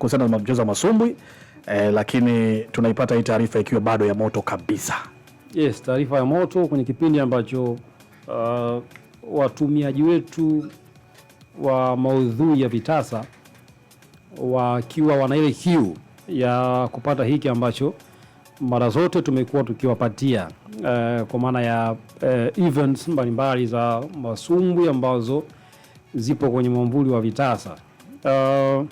Kuhusiana na mchezo wa masumbwi eh, lakini tunaipata hii taarifa ikiwa bado ya moto kabisa. Yes, taarifa ya moto kwenye kipindi ambacho uh, watumiaji wetu wa maudhui ya vitasa wakiwa wana ile kiu ya kupata hiki ambacho mara zote tumekuwa tukiwapatia uh, kwa maana ya uh, events mbalimbali za masumbwi ambazo zipo kwenye mwamvuli wa vitasa uh,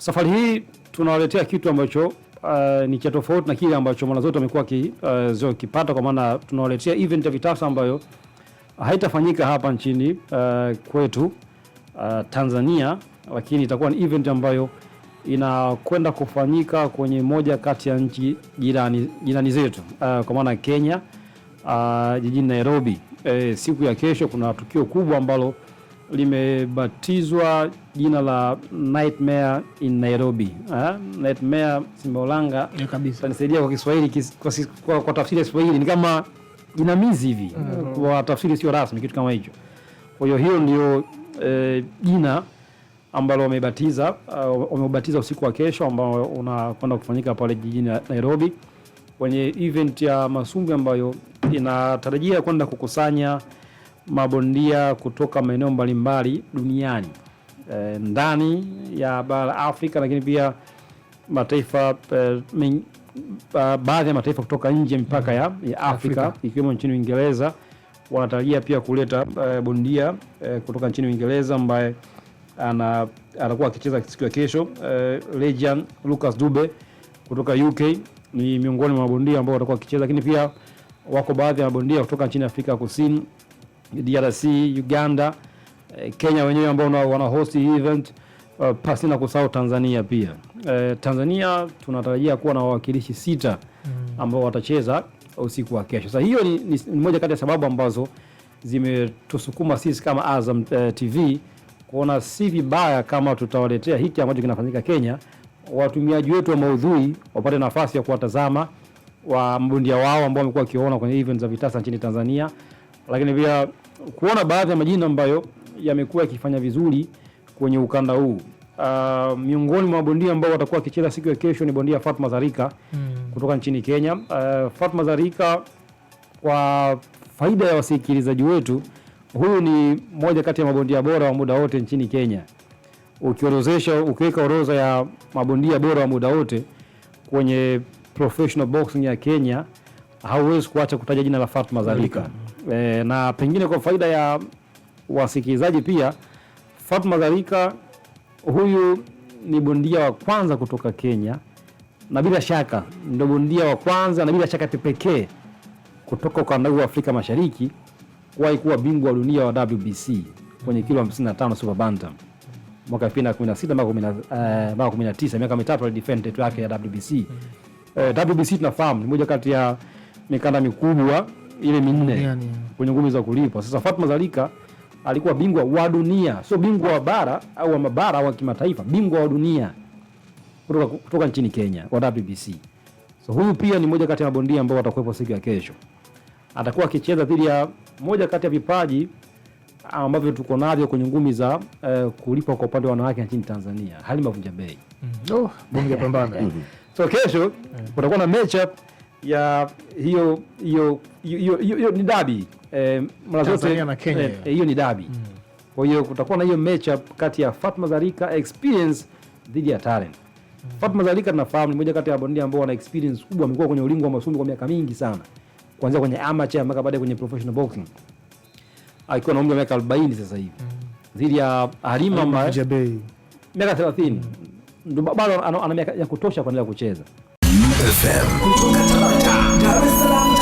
Safari hii tunawaletea kitu ambacho uh, ni cha tofauti na kile ambacho mara zote amekuwa ki, uh, kwa maana tunawaletea event ya Vitasa ambayo haitafanyika hapa nchini uh, kwetu uh, Tanzania, lakini itakuwa ni event ambayo inakwenda kufanyika kwenye moja kati ya nchi jirani, jirani zetu uh, kwa maana Kenya uh, jijini Nairobi. uh, siku ya kesho kuna tukio kubwa ambalo limebatizwa jina la Nightmare in Nairobi. Ha? Ah, Nightmare Simbaolanga tanisaidia kwa Kiswahili kwa, kwa, kwa tafsiri ya Kiswahili ni kama jinamizi hivi mm -hmm. Kwa tafsiri sio rasmi kitu kama hicho. Kwa hiyo hiyo ndio jina eh, jina ambalo wamebatiza wameubatiza uh, usiku wa kesho ambao unakwenda kufanyika pale jijini Nairobi kwenye event ya masumbi ambayo inatarajia kwenda kukusanya mabondia kutoka maeneo mbalimbali duniani e, ndani ya bara la Afrika, lakini pia mataifa e, min, ba, e, baadhi ya mataifa kutoka nje mipaka ya, ya Afrika, Afrika. Ikiwemo nchini Uingereza wanatarajia pia kuleta e, bondia e, kutoka nchini Uingereza ambaye ana atakuwa akicheza siku ya kesho e, Lejan Lucas Dube kutoka UK ni miongoni mwa mabondia ambao watakuwa wakicheza, lakini pia wako baadhi ya mabondia kutoka nchini Afrika Kusini DRC, Uganda, eh, Kenya wenyewe ambao wana host hii event uh, pasi na kusahau Tanzania pia. Uh, Tanzania tunatarajia kuwa na wawakilishi sita mm. ambao watacheza usiku wa kesho. Sasa hiyo ni, ni, ni moja kati ya sababu ambazo zimetusukuma sisi kama Azam uh, TV kuona si vibaya kama tutawaletea hiki ambacho kinafanyika Kenya, watumiaji wetu wa maudhui wapate nafasi ya kuwatazama wa mbundia wao ambao wamekuwa wakiona kwenye event za vitasa nchini Tanzania lakini pia kuona baadhi ya majina ambayo yamekuwa yakifanya vizuri kwenye ukanda huu. Uh, miongoni mwa bondia ambao watakuwa wakicheza siku ya kesho ni bondia Fatma Zarika mm. kutoka nchini Kenya. Uh, Fatma Zarika kwa faida ya wasikilizaji wetu, huyu ni moja kati ya mabondia bora wa muda wote nchini Kenya. Ukiorozesha, ukiweka orodha ya mabondia bora wa muda wote kwenye professional boxing ya Kenya, hauwezi kuacha kutaja jina la Fatma Zarika hmm e, na pengine kwa faida ya wasikilizaji pia, fatma Zarika huyu ni bondia wa kwanza kutoka Kenya na bila shaka ndio bondia wa kwanza na bila shaka pekee kutoka ukanda wa Afrika Mashariki kuwahi kuwa bingwa wa dunia wa WBC kwenye kilo 55 super bantam mwaka 2016 mpaka 19, eh, miaka mitatu alidefend title yake ya WBC. Mm. Eh, WBC tunafahamu ni moja kati ya mikanda mikubwa ile minne kwenye ngumi za kulipwa. Sasa Fatma Zarika alikuwa bingwa wa dunia, sio bingwa wa bara au wa mabara wa kimataifa, bingwa wa dunia kutoka, kutoka nchini Kenya wa WBC. So huyu pia ni moja kati ya mabondia ambao watakuwepo siku ya kesho, atakuwa akicheza dhidi ya moja kati ya vipaji ambavyo tuko navyo kwenye ngumi za uh, kulipwa kwa upande wa wanawake nchini Tanzania, Halima Vunjabei. mm -hmm. Oh, So kesho mm. kutakuwa na matchup ya hiyo hiyo hiyo ni dabi eh, mara zote na Kenya eh, hiyo eh, eh, ni dabi mm. Kwa hiyo kutakuwa na hiyo matchup kati ya Fatma Zarika experience dhidi ya talent mm. Fatma Zarika tunafahamu ni moja kati ya bondia ambao wana experience kubwa, amekuwa kwenye ulingo wa masumbi kwa miaka mingi sana, kuanzia kwenye amateur mpaka baadaye kwenye professional boxing, akiwa na umri wa miaka 40 sasa hivi mm. dhidi ya Halima miaka 30 mm. Ndio bado ana miaka ya kutosha kuendelea kucheza. FM Dar es Salaam